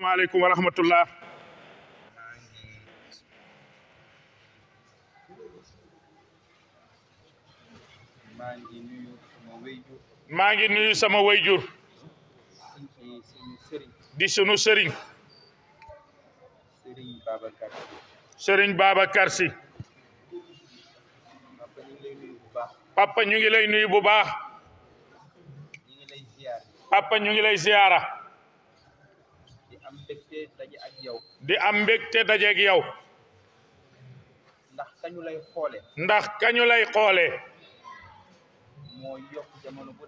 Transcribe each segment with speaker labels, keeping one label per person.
Speaker 1: Assalamualaikum warahmatullah. Mangi maa nuyu sama wayjur di sunu sering. Sering Baba Karsi. papa ñu ngi lay nuyu bu baax papa ñu ngi lay ziyaara ak yow. di am mbégte dajeeg yow.
Speaker 2: ndax kañu lay xoole
Speaker 1: ndax kañu lay xoole
Speaker 2: mooy yokk jamono bu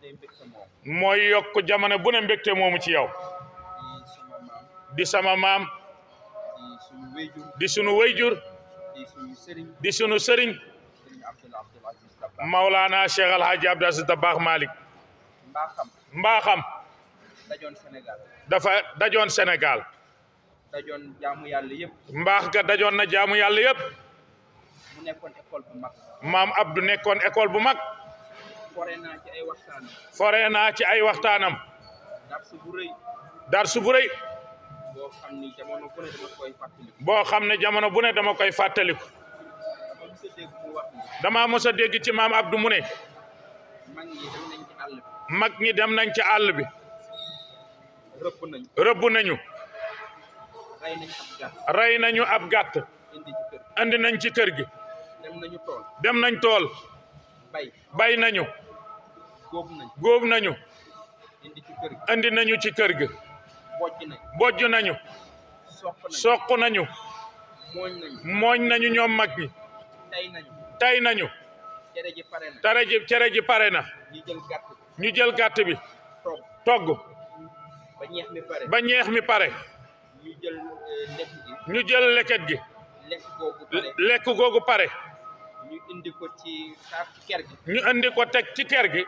Speaker 1: ne mbégte moomu. ci yow. di sama maam. di sunu wayjur.
Speaker 2: di sunu sëriñ.
Speaker 1: di sunu sëriñ. Maulana Cheikh Al Hadj Abdou Aziz dajoon Sénégal. dafa dajoon Sénégal.
Speaker 2: dajoon yàlla yëpp.
Speaker 1: mbaax ga dajoon na jaamu yàlla yëpp. bu maam Abdou nekkoon école bu mag.
Speaker 2: fore naa ci ay waxtaanam. fore naa
Speaker 1: boo xam ne jamono bu ne dama koy fàttaliku. dama koy fàttaliku. dégg ci maam Abdou mu ne. mag ñi dem nañ ci àll bi. mag rëbb nañu. rey nañu ab gàtt indi nañ ci kër gi dem nañ tool bay nañu góob nañu indi nañu ci kër gi bojj nañu soq nañu mooñ nañu ñoom mag ñi tay nañu tere ji cere ji pare na ñu jël gàtt bi togg ba ñeex mi pare
Speaker 2: ñu jël euh, lekk
Speaker 1: gi. jël lekket gi. lekk googu pare lekk googu ñu indi ko teg ci ker gi.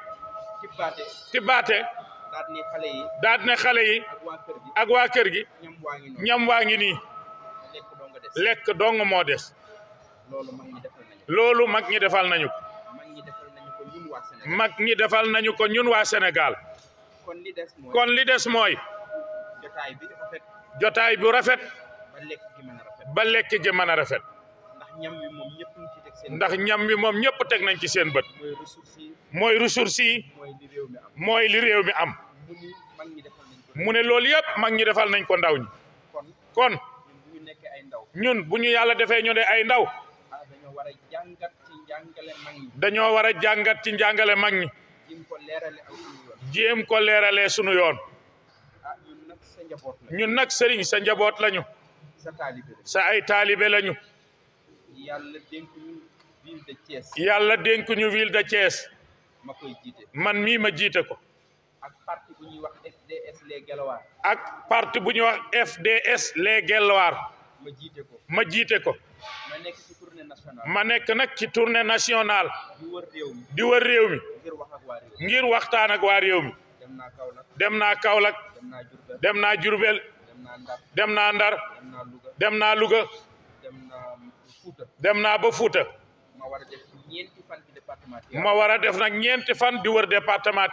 Speaker 1: ci baate.
Speaker 2: ci ne xale yi. daal
Speaker 1: ak waa kër gi. ñam waa ngi nii ñam waa ngi lekk dong moo des. loolu mag ñi defal nañu ko. mag ñi defal nañu ko ñun waa Sénégal.
Speaker 2: kon li des mooy.
Speaker 1: jotay bu rafet ba lekk gi rafet ndax ñam wi mom ñepp tek nañ ci seen bët moy ressource yi mooy li rew mi am mu ne loolu yëpp mag ñi defal nañ ko ndaw ñi kon ñun bu ñu yàlla defee ñu né ay ndaw ah, dañoo war a jàngat ci jangale mag ñi jëm ko léralé suñu yoon ñun nak sëriñ sa njaboot lañu sa ay talibé lañu yalla denk ñu ville de Thiès man mi ma jité ko
Speaker 2: ak parti bu ñuy wax
Speaker 1: FDS les Guelwaar ma
Speaker 2: jité ko ma jiite ko ma nekk ci tournée
Speaker 1: nationale
Speaker 2: di wër réew mi ngir
Speaker 1: waxtaan ak wa réew mi
Speaker 2: dem na kaolak dem na Jurbel
Speaker 1: dem na Ndar dem na luga dem na ba futa
Speaker 2: ma wara def nak
Speaker 1: ñent fan di wër département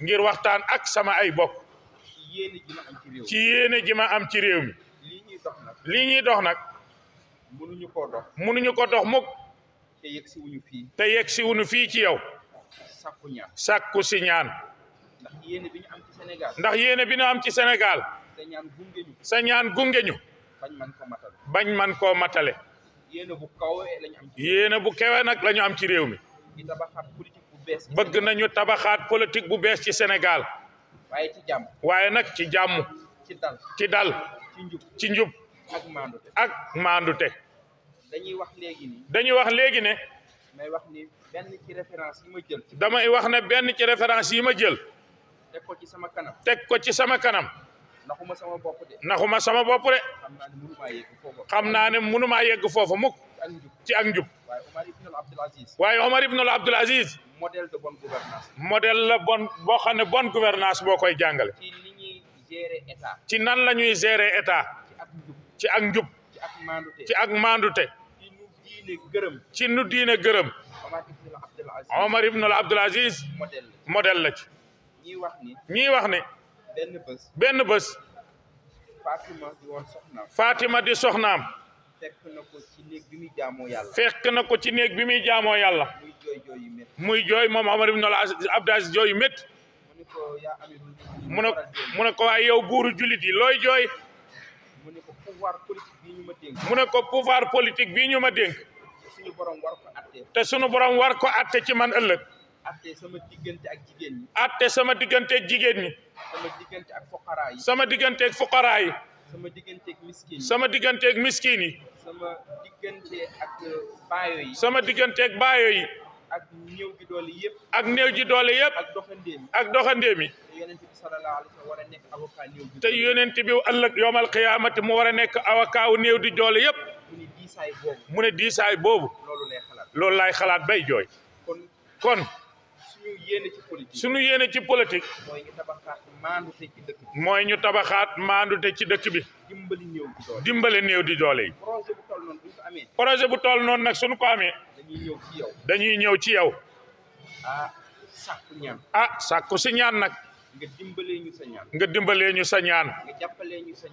Speaker 1: ngir waxtaan ak sama ay bok ci yene ji ma am ci rew mi li ñi dox nak
Speaker 2: mënuñu ko dox
Speaker 1: mënuñu ko dox
Speaker 2: te wuñu fi
Speaker 1: te wuñu fi ci yow sakku ñaan
Speaker 2: ndax yéene bi ñu am ci Sénégal.
Speaker 1: sa ñaan gunge bañ man koo matale. bañ man bu kawe nag lañu am ci réew mi. bëgg nañu tabaxaat politique bu bees ci Sénégal. waaye nag ci jàmm. ci dal ci njub ci njub. ak maandute
Speaker 2: dañuy wax léegi dañuy wax léegi ne. damay wax
Speaker 1: wax ne benn ci référence yi ma jël.
Speaker 2: teg ko ci sama kanam.
Speaker 1: teg ko ci sama kanam.
Speaker 2: naxuma sama bopp de. sama bopp xam naa ne mënumaa yegg foofa mukk ci ak njub. waaye Omar ibn Abdul Aziz. modèle de bonne
Speaker 1: gouvernance. la bon boo xam ne bonne gouvernance boo koy jàngale. ci nan lañuy ñuy gérer ci ak njub.
Speaker 2: ci ak maandute.
Speaker 1: ci ak maandute. ci nu diine gërëm. ci nu diine gërëm.
Speaker 2: Omar ibn Abdul Aziz. la ci. ñuy wax ni.
Speaker 1: ñuy wax ni. benn bés.
Speaker 2: Fatima di soxnaam. fekk na ko ci néeg bi muy
Speaker 1: jaamoo yàlla. ko ci néeg bi muy jaamoo yàlla. muy jooy yu métti. muy jooy moom Omar ibn Abdul jooy yu métti. mu ko waaye yow buuru jullit yi looy jooy.
Speaker 2: mu ne ko
Speaker 1: pouvoir politique bii ñu ma dénk. te suñu borom war ko atte ci man ëllëg.
Speaker 2: atte sama diggante ak
Speaker 1: jigéen sama diggante jigéen ñi. sama diggante ak yi. sama diggante ak fuqaraa sama diggante ak miskin yi. sama diggante ak miskin yi.
Speaker 2: sama diggante ak euh,
Speaker 1: baayo yi. sama diggante ak baayo yi.
Speaker 2: ak néew ji doole yëpp.
Speaker 1: ak néew ji doole doxandéem yi.
Speaker 2: te yonent bi sallallahu alayhi wa sallam
Speaker 1: war a ëllëg yawmal qiyaamati mu war a nekk avocat wu néew di doole yëpp. mu ne diisaay boobu. mu loolu lay xalaat loolu lay bay jooy. kon. suñu yéene ci politique suñu yéene ci politique. mooy ñu tabaxaat maandute ci dëkk bi. mooy ci dëkk bi. dimbali néew di doole projet bu toll noonu nag suñu ko amee.
Speaker 2: dañuy ñëw ci yow.
Speaker 1: dañuy ñëw ci
Speaker 2: ah,
Speaker 1: ah sàkku si ñaan nag.
Speaker 2: nga dimbalee ñu sa ñaan. nga dimbalee ñu sa ñaan.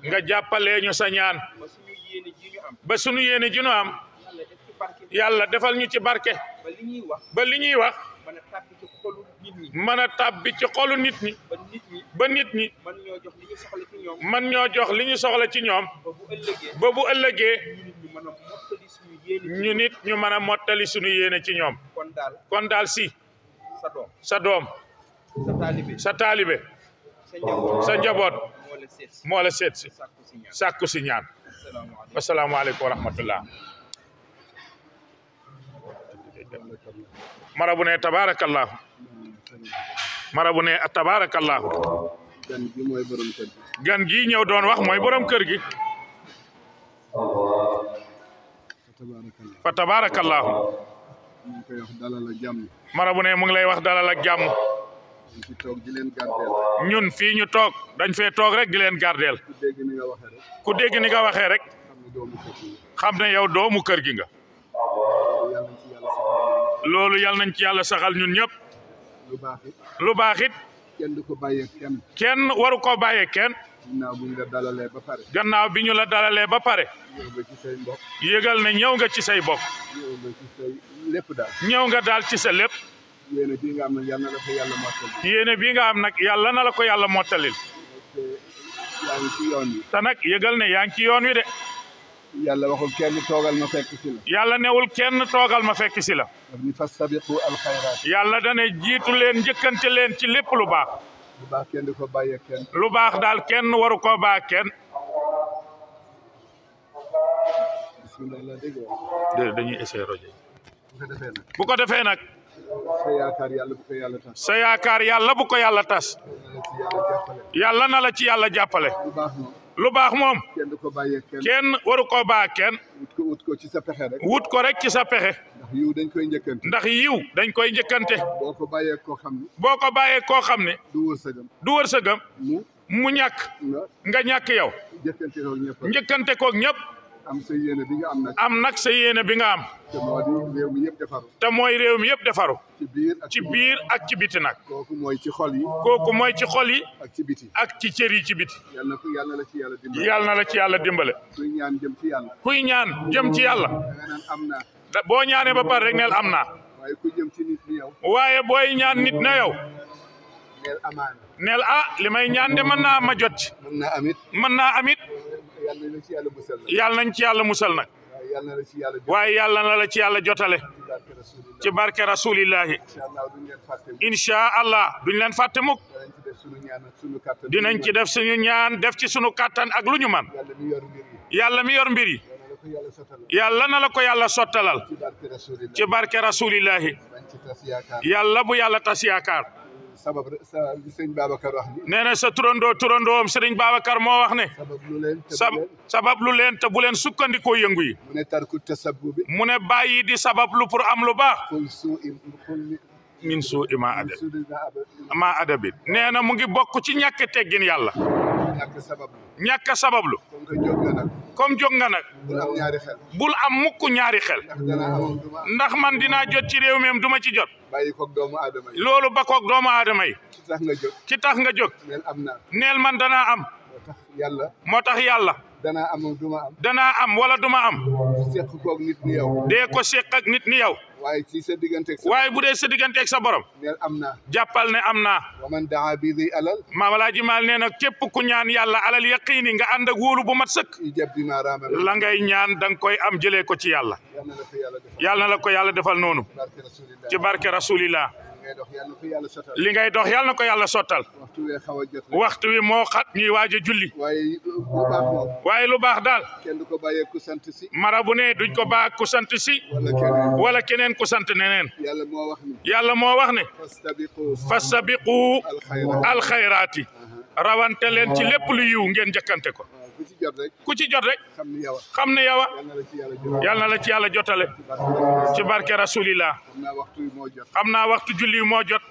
Speaker 2: nga jàppalee ñu sa ñaan. ba suñu yéene ji ñu am.
Speaker 1: ba suñu ñu defal ñu ci barke. ba li ñuy wax. mën a tàbbi ci xolu nit ñi ba nit ñi
Speaker 2: man ñoo jox li ñu soxla ci ñoom ba bu ëllëgee
Speaker 1: ñu nit ñu mën a mottali suñu yéene ci ñoom kon daal si sa doom sa taalibe sa njaboot moo la seet si sàkku si ñaan wasalaamualeykum wa rahmatullah marabu ne tabaarakallahu marabu ne tabarakallahu gan gi ñew doon wax moy borom kër gi fa tabarakallahu
Speaker 3: mu
Speaker 1: marabu ne mu ngi lay wax dalal ak jamm ñun fi ñu tok dañ fe tok rek di len gardel ku deg ni nga waxe rek xam yow doomu kër gi nga lolu yalla nañ ci yalla saxal ñun ñep lu baax it. lu baax it. kenn du ko bàyyee kenn. koo bàyyee kenn. gannaaw bi ñu la dalalee ba pare. gannaaw bi ñu la dalalee ba pare. ñëw nga ci say ñëw nga ci say bokk. ñëw nga ci lépp daal. ñëw nga daal ci sa lépp. yéene bii nga am nag yàlla na la ko yàlla mottalil. bii nga am nag yàlla na la ko yàlla mottalil. te yaa ngi ci ci yoon wi de. yalla waxul kenn toogal ma fekk la. newul kenn togal ma fekk ci la. ni fastabiqu alxayraat. yàlla dana ci lepp lu baax.
Speaker 3: lu baax kenn kenn.
Speaker 1: lu baax kenn waru ko ba kenn. dañuy essayer roje bu ko defé nak sa bu ko yalla tas. sa
Speaker 3: bu ko
Speaker 1: na la ci yalla jappalé lu baax moom. kenn ko bàyyee kenn. kenn koo baa kenn. wut ko ci sa pexe rek. wut ko rek ci sa pexe. ndax yiw dañ koy njëkkante. ndax yiw dañ koy njëkkante. boo ko bàyyee koo xam boo ko bàyyee koo xam ne. du wërsëgam. du wër mu mu ñàkk. nga ñàkk yow. njëkkante koog ñëpp. njëkkante ñëpp. am nak yéene bi nga am sa yéene bi nga am. te moy rew mi yeb defaru. ci bir ak ci biti nak koku moy ci xol yi. kooku mooy ci xol yi. ak ci biti ak ci cër ci biti. yalla na la ci yalla dimbalé kuy ñaan jëm ci yalla bo ñaané ba par rek neel amna waye boy ñaan nit na yow. neel amaana. neel ah li ñaan de man na ma jot man na amit. man na amit.
Speaker 3: yàlla nañ ci yàlla musal nag
Speaker 1: waaye yàlla na la ci yàlla jotale ci barke rasulillahi incha allah duñ leen fàtte mukk dinañ ci def suñu ñaan def ci suñu kattan ak lu ñu man yàlla mi yor mbir yi yàlla na la ko yàlla sottalal ci barke rasulillahi yàlla bu yàlla tas yaakaar
Speaker 3: sabab sëriñ Babacar wax
Speaker 1: ni nee na sa turandoo turandoom sëriñ Babacar moo wax ne sabab lu leen sabab lu leen te bu leen sukkandikoo yëngu yi mu tarku tasabbu bi mu di sabab lu pour am lu baax min suu ima adab ma adabit nee na mu ngi bokk ci ñàkk teggin yàlla
Speaker 3: ñàkk sabablu
Speaker 1: ñàkk sabablu comme jóg nga nag bul am mukk ñaari xel ndax man dinaa jot ci réew meem duma ci jot loolu ba koog doomu aadama yi ci tax nga jóg neel man danaa am moo tax yàlla danaa am wala duma am dee ko seq ak nit ni yow waaye sa digganteeg waaye bu dee sa digganteeg sa borom. neel am naa. jàppal ne am na
Speaker 3: wa man daa bi di alal. maam Alaaji Maal nee
Speaker 1: na képp ku ñaan yàlla alal yaqiini nga ànd ak wóolu bu mat sëkk. la ngay ñaan da koy am jëlee ko ci yàlla. yàlla na la ko yàlla defal noonu. ci barke rasulillah
Speaker 3: li ngay dox yàlla
Speaker 1: ko yàlla sottal. waxtu wi moo xat ñuy waaj a julli. waaye lu baax daal. mara bu ne duñ ko baax ku sant si. wala keneen ku sant neneen. yàlla moo wax ne. fastabiqu alxayraati rawante leen ci lépp lu yiw ngeen jëkkante ko. ku ci jot rek ku ci xam na yow a yal na la ci yàlla jotale ci barke rasulillah xam naa waxtu julli yi moo jot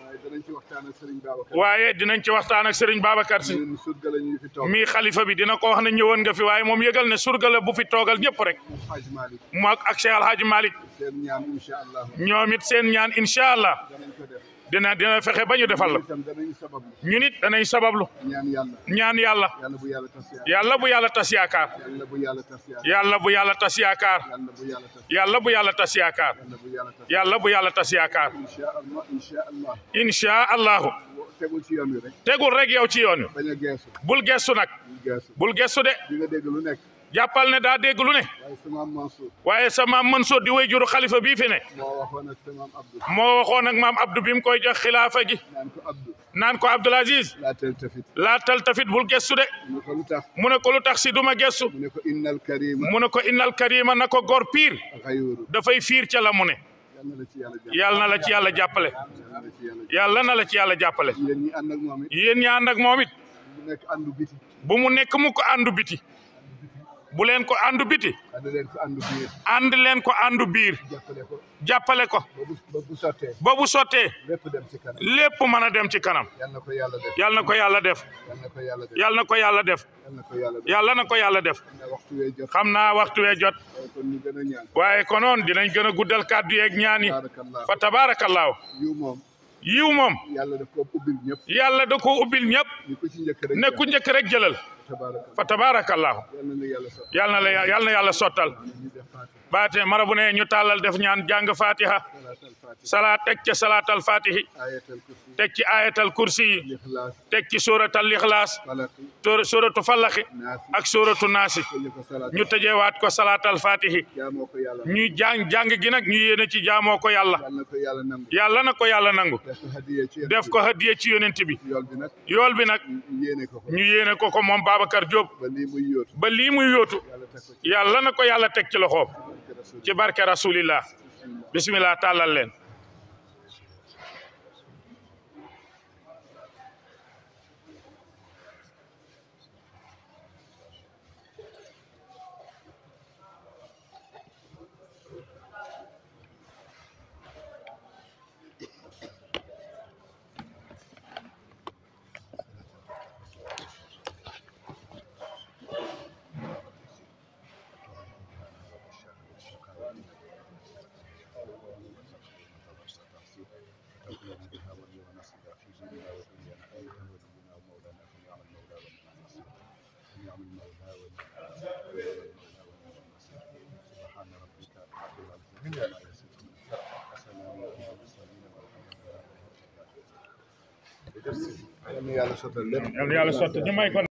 Speaker 3: waaye dinañ ci waxtaan ak Serigne Babacar si
Speaker 1: mii xalifa bi dina ko wax na ñëwoon nga fi waaye moom yëgal ne surga bu fi toogal ñëpp rek mu ak Cheikh Alhaji Malick ñoom it ñaan incha dina dina fexe ba ñu defal la ñu nit danañ sabablu ñaan yàlla yàlla bu yàlla tas yaakaar yàlla bu yàlla tas yaakaar yàlla bu yàlla tas yaakaar yàlla bu yàlla tas yaakaar insha allahu
Speaker 3: tegul ci yoon wi rek
Speaker 1: tegul yow ci yoon wi bul geesu nag bul geesu de jappal ne da dégg lu ne waye sa maam Mansour di wayjuru khalifa bi fi ne
Speaker 3: mo waxoon ak mam Abdou bim koy jox khilafa gi
Speaker 1: nan ko abdou Aziz laa taltafit bul gestu de mu ne ko si duma gesu mu ko innal karima na ko pire da fay fir ci la muné yalla na la ci yalla jappale yalla na la ci yalla jappale yéen ñi and ak ak momit bu mu nek mu ko andu biti bu leen ko àndu biti. ànd leen ko àndu biir. ànd leen ko àndu biir. jàppale ko jàppale ko. sottee. ba bu lépp dem mën a dem ci kanam. ko yàlla def. yal na ko yàlla def. yal na ko yàlla def. yàlla na ko yàlla def. xam naa waxtu wee jot. waaye ko konoon dinañ gën a guddal kàddu yeeg ñaan
Speaker 3: fa tabaarakallaahu.
Speaker 1: yiw moom. yàlla da koo ubbil ñëpp. yàlla da koo ubbil ñëpp. nekku ku njëkk rek jëlal. fa tabaarakallaahu yal na na yàlla sottal baate mara bu ne ñu tàllal def ñaan jàng fatiha salaat teg fatihi teg ci ayatal kursi yi teg ci suratal ixlaas ak suratu naasi ñu tëjewaat ko salaatal fatihi ñu jàng jàng gi nag ñu yéene ci jaamoo ko yàlla yàlla na ko yàlla nangu def ko hadiye ci yonent bi yool bi nag ñu yéene ko ko moom Babacar Diop ba lii muy yóotu yàlla na ko yàlla teg ci loxoom ci barke rasulillah bismillah tàllal leen
Speaker 3: بها ولي ونصرها في ديننا ودنيانا انت ولينا ومولانا فنعم المولى ونعم النصير فنعم المولى ونعم النصير سبحان ربك رب العزه عما يصفون وسلام على المرسلين والحمد لله رب العالمين.